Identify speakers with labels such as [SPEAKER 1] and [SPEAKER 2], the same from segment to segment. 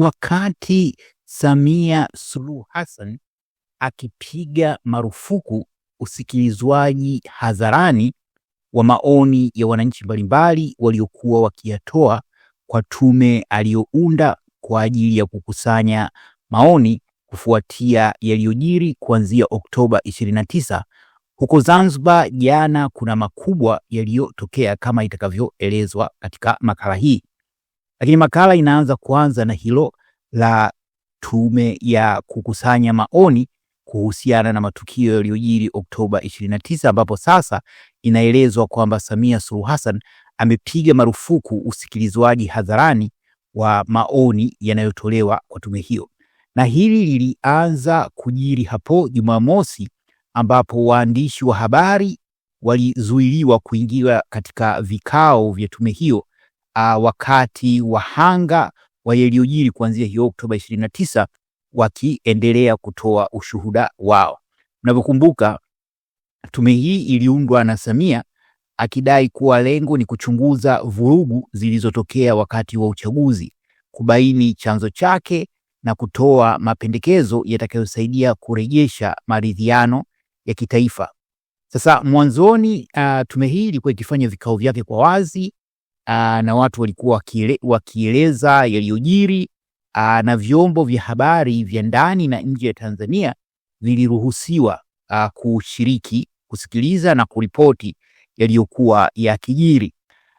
[SPEAKER 1] Wakati Samia Suluhu Hassan akipiga marufuku usikilizwaji hadharani wa maoni ya wananchi mbalimbali waliokuwa wakiyatoa kwa tume aliyounda kwa ajili ya kukusanya maoni kufuatia yaliyojiri kuanzia Oktoba 29 huko Zanzibar jana, kuna makubwa yaliyotokea kama itakavyoelezwa katika makala hii. Lakini makala inaanza kuanza na hilo la tume ya kukusanya maoni kuhusiana na matukio yaliyojiri Oktoba 29 ambapo sasa inaelezwa kwamba Samia Suluhu Hassan amepiga marufuku usikilizwaji hadharani wa maoni yanayotolewa kwa tume hiyo, na hili lilianza kujiri hapo Jumamosi ambapo waandishi wa habari walizuiliwa kuingia katika vikao vya tume hiyo uh, wakati wahanga wa yaliyojiri kuanzia hiyo Oktoba 29 wakiendelea kutoa ushuhuda wao. Mnavyokumbuka, tume hii iliundwa na Samia akidai kuwa lengo ni kuchunguza vurugu zilizotokea wakati wa uchaguzi, kubaini chanzo chake na kutoa mapendekezo yatakayosaidia kurejesha maridhiano ya kitaifa. Sasa mwanzoni, uh, tume hii ilikuwa ikifanya vikao vyake kwa wazi Ah, na watu walikuwa wakieleza yaliyojiri ah, na vyombo vya habari vya ndani na nje ya Tanzania viliruhusiwa ah, kushiriki, kusikiliza na kuripoti yaliyokuwa yakijiri.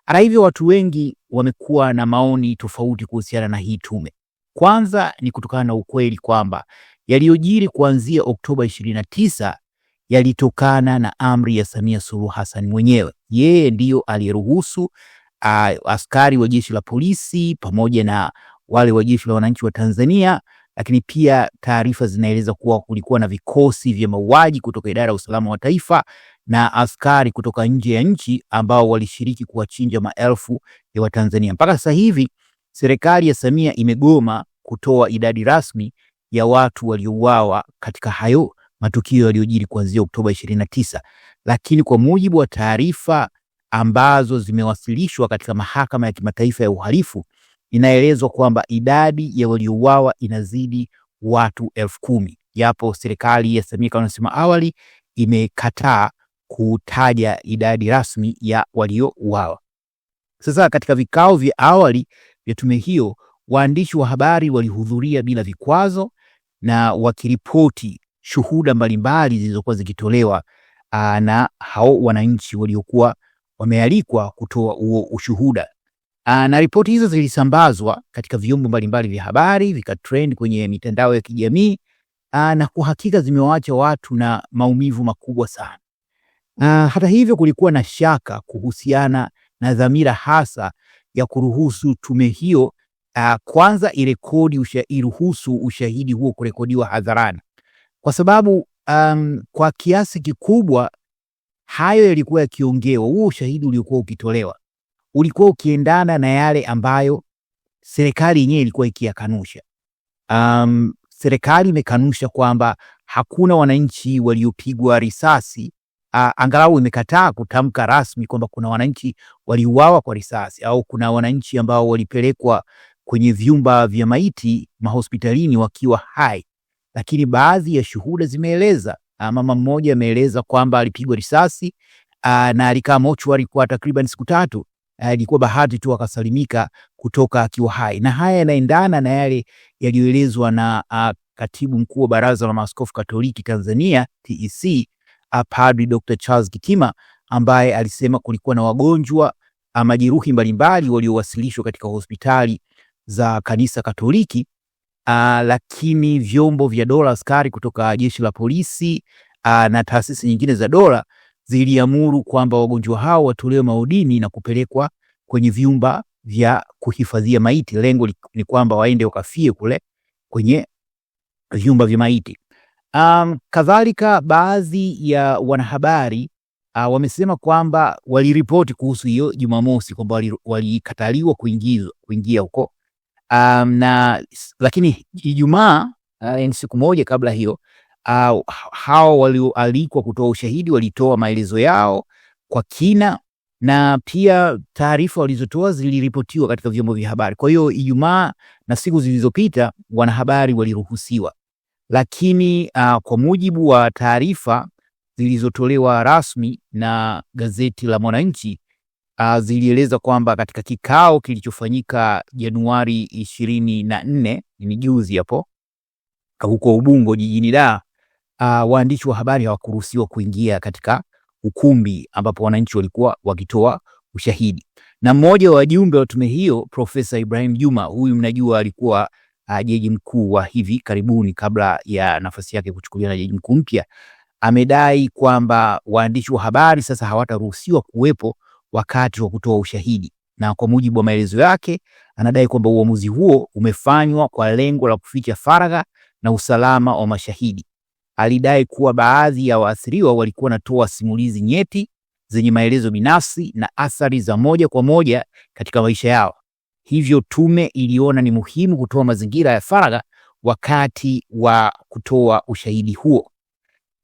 [SPEAKER 1] Hata hivyo, watu wengi wamekuwa na maoni tofauti kuhusiana na hii tume. Kwanza ni kutokana na ukweli kwamba yaliyojiri kuanzia Oktoba 29 yalitokana na amri ya Samia Suluhu Hassan mwenyewe. Yeye ndiyo aliyeruhusu uh, askari wa jeshi la polisi pamoja na wale wa jeshi la wananchi wa Tanzania, lakini pia taarifa zinaeleza kuwa kulikuwa na vikosi vya mauaji kutoka idara ya usalama wa taifa na askari kutoka nje ya nchi ambao walishiriki kuwachinja maelfu ya Watanzania. Mpaka sasa hivi serikali ya Samia imegoma kutoa idadi rasmi ya watu waliouawa katika hayo matukio yaliyojiri kuanzia Oktoba 29, lakini kwa mujibu wa taarifa ambazo zimewasilishwa katika mahakama ya kimataifa ya uhalifu inaelezwa kwamba idadi ya waliouawa inazidi watu elfu kumi yapo serikali ya Samia kama nasema awali imekataa kutaja idadi rasmi ya waliouawa. Sasa katika vikao vya awali vya tume hiyo, waandishi wa habari walihudhuria bila vikwazo na wakiripoti shuhuda mbalimbali zilizokuwa zikitolewa na hao wananchi waliokuwa wamealikwa kutoa huo ushuhuda. Aa, ah, na ripoti hizo zilisambazwa katika vyombo mbalimbali vya habari vikatrend kwenye mitandao ya kijamii aa, ah, na kwa hakika zimewaacha watu na maumivu makubwa sana. Aa, ah, hata hivyo kulikuwa na shaka kuhusiana na dhamira hasa ya kuruhusu tume hiyo aa, kwanza irekodi usha, iruhusu ushahidi huo kurekodiwa hadharani kwa sababu um, kwa kiasi kikubwa Hayo yalikuwa yakiongewa, huo ushahidi uliokuwa ukitolewa ulikuwa ukiendana na yale ambayo serikali yenyewe ilikuwa ikiyakanusha. Um, serikali imekanusha kwamba hakuna wananchi waliopigwa risasi. Uh, angalau imekataa kutamka rasmi kwamba kuna wananchi waliuawa kwa risasi au kuna wananchi ambao walipelekwa kwenye vyumba vya maiti mahospitalini wakiwa hai, lakini baadhi ya shuhuda zimeeleza Ah, mama mmoja ameeleza kwamba alipigwa risasi ah, na alikaa mochwari kwa takriban siku tatu. Ah, ilikuwa bahati tu akasalimika kutoka akiwa hai, na haya yanaendana na yale yaliyoelezwa na a, katibu mkuu wa Baraza la Maaskofu Katoliki Tanzania TEC, Padri Dr. Charles Kitima ambaye alisema kulikuwa na wagonjwa majeruhi mbalimbali waliowasilishwa katika hospitali za kanisa Katoliki Uh, lakini vyombo vya dola, askari kutoka jeshi la polisi uh, na taasisi nyingine za dola ziliamuru kwamba wagonjwa hao watolewe maudini na kupelekwa kwenye vyumba vya kuhifadhia maiti. Lengo ni kwamba waende wakafie kule kwenye vyumba vya maiti. Um, kadhalika baadhi ya wanahabari uh, wamesema kwamba waliripoti kuhusu hiyo Jumamosi kwamba walikataliwa kuingia huko um, na lakini Ijumaa uh, siku moja kabla hiyo uh, hao walioalikwa kutoa ushahidi walitoa maelezo yao kwa kina na pia taarifa walizotoa ziliripotiwa katika vyombo vya habari. Kwa hiyo Ijumaa na siku zilizopita wanahabari waliruhusiwa, lakini uh, kwa mujibu wa taarifa zilizotolewa rasmi na gazeti la Mwananchi uh, zilieleza kwamba katika kikao kilichofanyika Januari ishirini na nne ni juzi hapo huko Ubungo jijini Dar, uh, waandishi wa habari hawakuruhusiwa kuingia katika ukumbi ambapo wananchi walikuwa wakitoa ushahidi, na mmoja wa wajumbe wa tume hiyo Profesa Ibrahim Juma, huyu mnajua alikuwa uh, jaji mkuu wa hivi karibuni kabla ya nafasi yake kuchukuliwa na jaji mkuu mpya, amedai kwamba waandishi wa habari sasa hawataruhusiwa kuwepo wakati wa kutoa ushahidi, na kwa mujibu wa maelezo yake anadai kwamba uamuzi huo umefanywa kwa lengo la kuficha faragha na usalama wa mashahidi. Alidai kuwa baadhi ya waathiriwa walikuwa wanatoa simulizi nyeti zenye maelezo binafsi na athari za moja kwa moja katika maisha yao. Hivyo tume iliona ni muhimu kutoa mazingira ya faragha wakati wa kutoa ushahidi huo.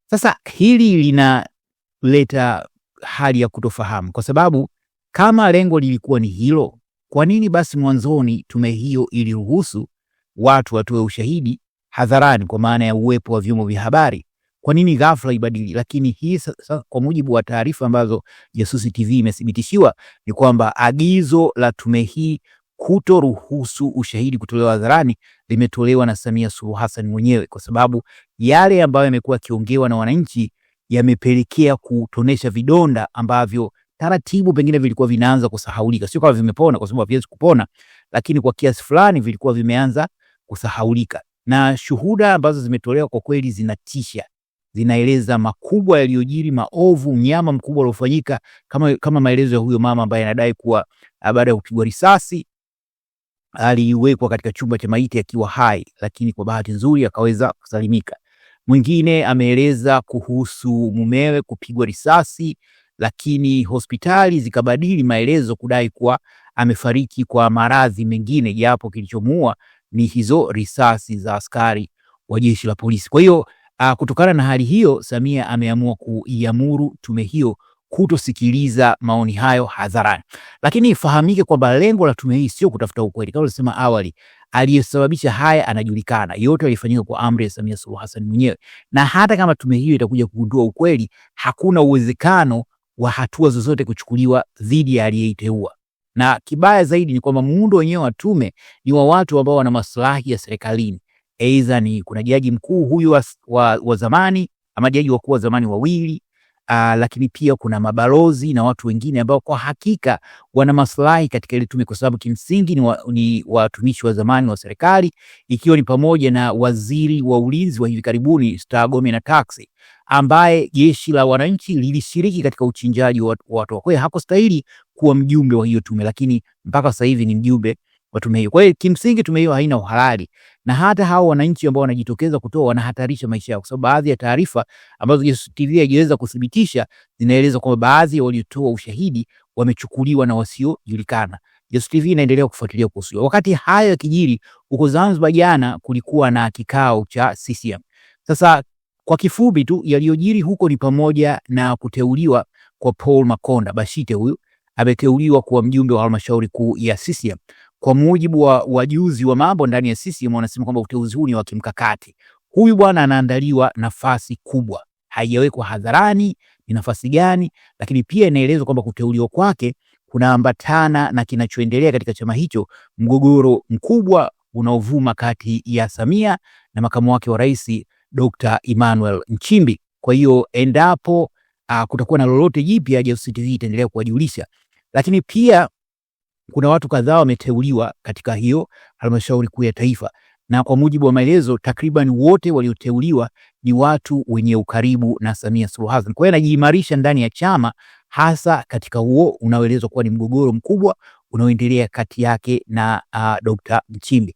[SPEAKER 1] Sasa hili linaleta hali ya kutofahamu, kwa sababu kama lengo lilikuwa ni hilo, kwa nini basi mwanzoni tume hiyo iliruhusu watu watoe ushahidi hadharani kwa maana ya uwepo wa vyombo vya habari? Kwa nini ghafla ibadili? Lakini hii sasa, kwa mujibu wa taarifa ambazo Jasusi TV imethibitishiwa ni kwamba agizo la tume hii kutoruhusu ushahidi kutolewa hadharani limetolewa na Samia Suluhu Hassan mwenyewe, kwa sababu yale ambayo yamekuwa yakiongewa na wananchi yamepelekea kutonesha vidonda ambavyo taratibu pengine vilikuwa vinaanza kusahaulika, sio kama vimepona, kwa sababu haviwezi kupona, lakini kwa kiasi fulani vilikuwa vimeanza kusahaulika. Na shuhuda ambazo zimetolewa kwa kweli zinatisha, zinaeleza makubwa yaliyojiri, maovu, mnyama mkubwa uliofanyika, kama, kama maelezo ya huyo mama ambaye anadai kuwa ah, baada ya kupigwa risasi aliwekwa katika chumba cha maiti akiwa hai, lakini kwa bahati nzuri akaweza kusalimika. Mwingine ameeleza kuhusu mumewe kupigwa risasi, lakini hospitali zikabadili maelezo kudai kuwa amefariki kwa maradhi mengine, japo kilichomuua ni hizo risasi za askari wa jeshi la polisi. Kwa hiyo ah, kutokana na hali hiyo, Samia ameamua kuiamuru tume hiyo kutosikiliza maoni hayo hadharani, lakini ifahamike kwamba lengo la tume hii sio kutafuta ukweli kama tulisema awali aliyesababisha haya anajulikana. Yote yalifanyika kwa amri ya Samia Suluhu Hassan mwenyewe, na hata kama tume hiyo itakuja kugundua ukweli, hakuna uwezekano wa hatua zozote kuchukuliwa dhidi ya aliyeiteua. Na kibaya zaidi ni kwamba muundo wenyewe wa tume ni wa watu ambao wana maslahi ya serikalini. Aidha, ni kuna jaji mkuu huyu wa, wa, wa zamani ama jaji wakuu wa zamani wawili Uh, lakini pia kuna mabalozi na watu wengine ambao kwa hakika wana maslahi katika ile tume, kwa sababu kimsingi ni, wa, ni watumishi wa zamani wa serikali, ikiwa ni pamoja na waziri wa ulinzi wa hivi karibuni Stergomena na Taxi, ambaye jeshi la wananchi lilishiriki katika uchinjaji wa watu hiyo Hakustahili kuwa mjumbe wa hiyo tume, lakini mpaka sasa hivi ni mjumbe wa tume hiyo. Kwa hiyo kimsingi tume hiyo haina uhalali na hata hao wananchi ambao wanajitokeza kutoa wanahatarisha maisha yao, kwa sababu baadhi ya taarifa ambazo Yesu TV haijaweza kuthibitisha zinaeleza kwamba baadhi ya waliotoa ushahidi wamechukuliwa na wasiojulikana. Yesu TV inaendelea kufuatilia kuhusu. Wakati hayo yakijiri, huko Zanzibar jana kulikuwa na kikao cha CCM. Sasa kwa kifupi tu yaliyojiri huko ni pamoja na kuteuliwa kwa Paul Makonda Bashite, huyu ameteuliwa kuwa mjumbe wa halmashauri kuu ya CCM kwa mujibu wa wajuzi wa mambo ndani ya CCM wanasema kwamba uteuzi huu ni wa kimkakati. Huyu bwana anaandaliwa nafasi kubwa, haijawekwa hadharani ni nafasi gani, lakini pia inaelezwa kwamba kuteuliwa kwake kunaambatana na kinachoendelea katika chama hicho, mgogoro mkubwa unaovuma kati ya Samia na makamu wake wa rais Dr. Emmanuel Nchimbi. Kwa hiyo endapo uh, kutakuwa na lolote jipya, Jasusi TV itaendelea kuwajulisha, lakini pia kuna watu kadhaa wameteuliwa katika hiyo halmashauri kuu ya taifa, na kwa mujibu wa maelezo, takriban wote walioteuliwa ni watu wenye ukaribu na Samia Suluhu Hassan. Kwa hiyo anajiimarisha ndani ya chama, hasa katika huo unaoelezwa kuwa ni mgogoro mkubwa unaoendelea kati yake na uh, Dr. Nchimbi.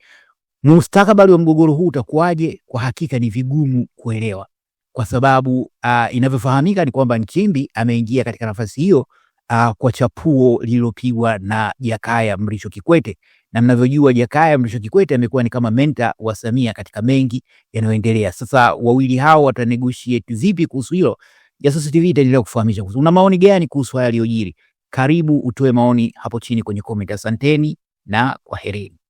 [SPEAKER 1] Mustakabali wa mgogoro huu utakuwaje? Kwa hakika ni vigumu kuelewa, kwa sababu uh, inavyofahamika ni kwamba Nchimbi ameingia katika nafasi hiyo uh, kwa chapuo lililopigwa na Jakaya Mrisho Kikwete. Na mnavyojua Jakaya Mrisho Kikwete amekuwa ni kama menta wa Samia katika mengi yanayoendelea. Sasa wawili hao watanegotiate vipi kuhusu hilo? Jasusi TV itaendelea kufahamisha. Una maoni gani kuhusu haya yaliyojiri? Karibu utoe maoni hapo chini kwenye comment. Asanteni na kwaherini.